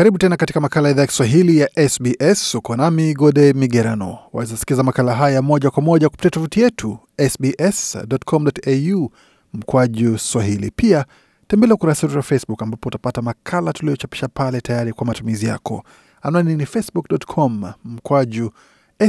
Karibu tena katika makala ya idhaa ya Kiswahili ya SBS. Uko nami Gode Migerano. Waweza sikiza makala haya moja kwa moja kupitia tovuti yetu sbs.com.au mkwaju swahili. Pia tembelea ukurasa wetu wa Facebook ambapo utapata makala tuliochapisha pale tayari kwa matumizi yako. Anwani ni facebook.com mkwaju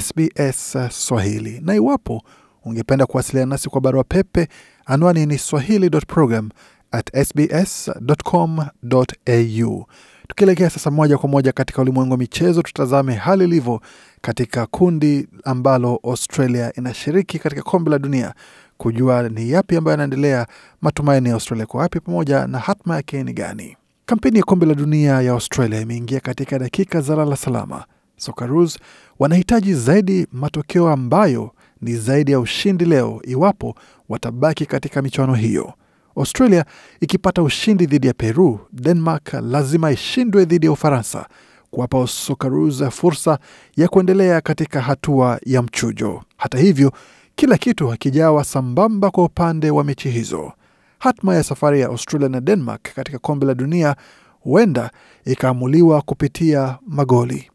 SBS Swahili. Na iwapo ungependa kuwasiliana nasi kwa barua pepe, anwani ni swahili.program@sbs.com.au. Tukielekea sasa moja kwa moja katika ulimwengu wa michezo, tutazame hali ilivyo katika kundi ambalo Australia inashiriki katika kombe la dunia, kujua ni yapi ambayo yanaendelea, matumaini ya Australia kwa wapi, pamoja na hatma yake ni gani. Kampeni ya kombe la dunia ya Australia imeingia katika dakika za lala salama. Socceroos wanahitaji zaidi matokeo ambayo ni zaidi ya ushindi leo, iwapo watabaki katika michuano hiyo. Australia ikipata ushindi dhidi ya Peru, Denmark lazima ishindwe dhidi ya Ufaransa kuwapa Socceroos fursa ya kuendelea katika hatua ya mchujo. Hata hivyo, kila kitu hakijawa sambamba kwa upande wa mechi hizo. Hatma ya safari ya Australia na Denmark katika kombe la dunia huenda ikaamuliwa kupitia magoli.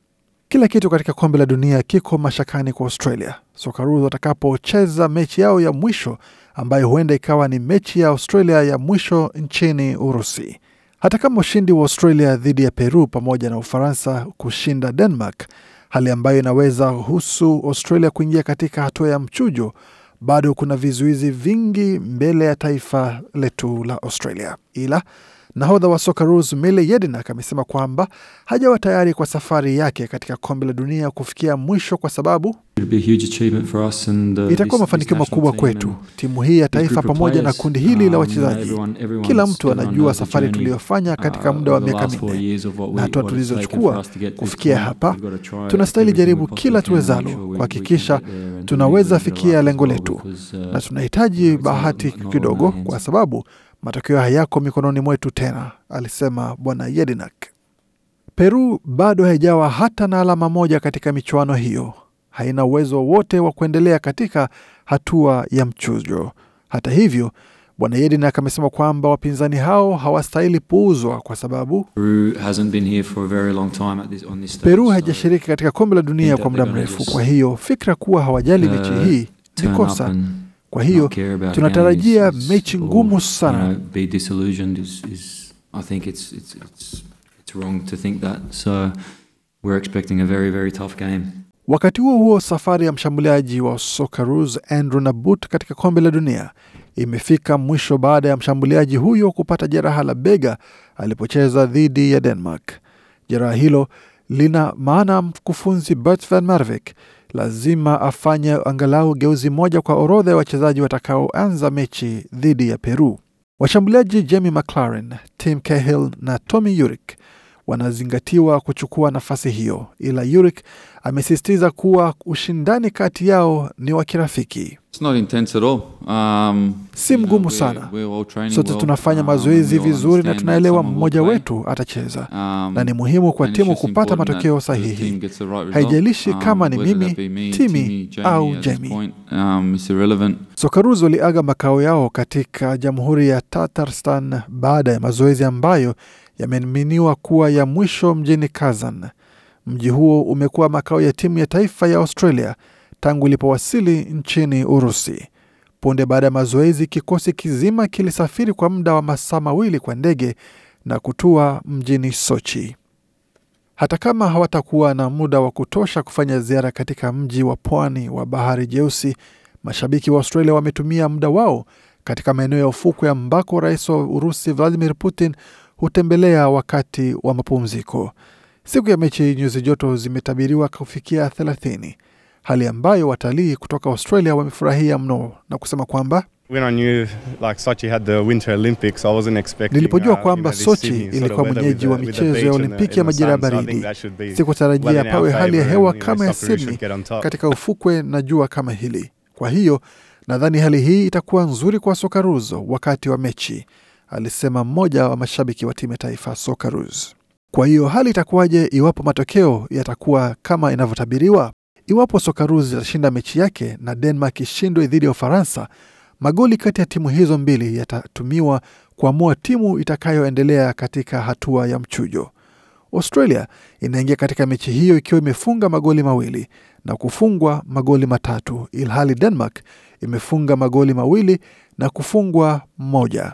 Kila kitu katika kombe la dunia kiko mashakani kwa Australia. Socceroos watakapocheza mechi yao ya mwisho ambayo huenda ikawa ni mechi ya Australia ya mwisho nchini Urusi. Hata kama ushindi wa Australia dhidi ya Peru pamoja na Ufaransa kushinda Denmark, hali ambayo inaweza husu Australia kuingia katika hatua ya mchujo, bado kuna vizuizi vingi mbele ya taifa letu la Australia, ila Nahodha wa soka Rus Mile Yedinak amesema kwamba hajawa tayari kwa safari yake katika kombe la dunia kufikia mwisho kwa sababu uh, itakuwa mafanikio makubwa kwetu, timu hii ya taifa pamoja na kundi hili la um, wachezaji. Kila mtu anajua safari tuliyofanya katika uh, muda wa miaka minne na hatua tulizochukua kufikia hapa. Tunastahili jaribu kila tuwezalo kuhakikisha tunaweza fikia lengo letu, uh, na tunahitaji bahati kidogo, kwa sababu matokeo hayako mikononi mwetu tena, alisema Bwana Yedinak. Peru bado haijawa hata na alama moja katika michuano hiyo, haina uwezo wote wa kuendelea katika hatua ya mchujo. Hata hivyo, Bwana Yedinak amesema kwamba wapinzani hao hawastahili puuzwa kwa sababu Peru haijashiriki katika kombe la dunia kwa muda mrefu. Kwa hiyo fikra kuwa hawajali mechi uh, hii ni kosa. Kwa hiyo tunatarajia mechi ngumu sana. Wakati huo huo, safari ya mshambuliaji wa Socceroos Andrew Nabut katika kombe la dunia imefika mwisho baada ya mshambuliaji huyo kupata jeraha la bega alipocheza dhidi ya Denmark. Jeraha hilo lina maana mkufunzi Bert van Marwijk lazima afanye angalau geuzi moja kwa orodha ya wachezaji watakaoanza mechi dhidi ya Peru. Washambuliaji Jamie McLaren, Tim Cahill na Tommy urik wanazingatiwa kuchukua nafasi hiyo, ila Yurik amesisitiza kuwa ushindani kati yao ni wa kirafiki. Um, si mgumu sana, sote tunafanya um, mazoezi vizuri na tunaelewa mmoja wetu atacheza, um, na ni muhimu kwa timu kupata matokeo sahihi. Right, haijalishi um, kama um, ni mimi me, Timi au Jamie. Um, Sokaruz waliaga makao yao katika Jamhuri ya Tatarstan baada ya mazoezi ambayo yameaminiwa kuwa ya mwisho mjini Kazan. Mji huo umekuwa makao ya timu ya taifa ya Australia tangu ilipowasili nchini Urusi. Punde baada ya mazoezi, kikosi kizima kilisafiri kwa muda wa masaa mawili kwa ndege na kutua mjini Sochi. Hata kama hawatakuwa na muda wa kutosha kufanya ziara katika mji wa pwani wa bahari Jeusi, mashabiki wa Australia wametumia muda wao katika maeneo ya ufukwe ambako rais wa Urusi Vladimir Putin hutembelea wakati wa mapumziko. Siku ya mechi, nyuzi joto zimetabiriwa kufikia 30, hali ambayo watalii kutoka Australia wamefurahia mno na kusema kwamba Nilipojua uh, kwamba Sochi ilikuwa mwenyeji wa michezo ya Olimpiki ya majira ya baridi, sikutarajia pawe hali ya hewa kama ya Sydney katika ufukwe na jua kama hili. Kwa hiyo nadhani hali hii itakuwa nzuri kwa sokaruzo wakati wa mechi alisema mmoja wa mashabiki wa timu ya taifa Socceroos. Kwa hiyo hali itakuwaje iwapo matokeo yatakuwa kama inavyotabiriwa? Iwapo Socceroos itashinda mechi yake na Denmark ishindwe dhidi ya Ufaransa, magoli kati ya timu hizo mbili yatatumiwa kuamua timu itakayoendelea katika hatua ya mchujo. Australia inaingia katika mechi hiyo ikiwa imefunga magoli mawili na kufungwa magoli matatu, ilhali Denmark imefunga magoli mawili na kufungwa moja.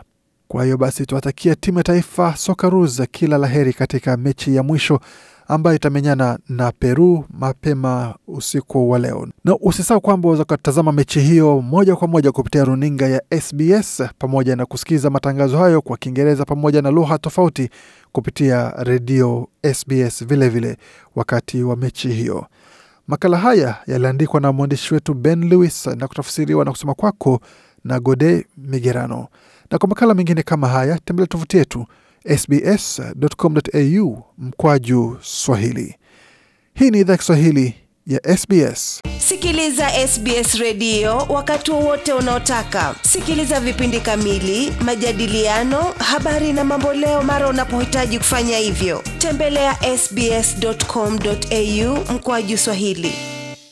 Kwa hiyo basi, tuwatakia timu ya taifa Socceroos kila la heri katika mechi ya mwisho ambayo itamenyana na Peru mapema usiku wa leo, na usisahau kwamba waweza kutazama mechi hiyo moja kwa moja kupitia runinga ya SBS pamoja na kusikiza matangazo hayo kwa Kiingereza pamoja na lugha tofauti kupitia redio SBS vilevile vile, wakati wa mechi hiyo. Makala haya yaliandikwa na mwandishi wetu Ben Lewis na kutafsiriwa na kusoma kwako na Gode Migerano. Na kwa makala mengine kama haya tembelea tovuti yetu sbs.com.au mkwaju Swahili. Hii ni idhaa Kiswahili ya SBS. Sikiliza SBS redio wakati wowote unaotaka. Sikiliza vipindi kamili, majadiliano, habari na mamboleo mara unapohitaji kufanya hivyo. Tembelea ya sbs.com.au mkoaju Swahili.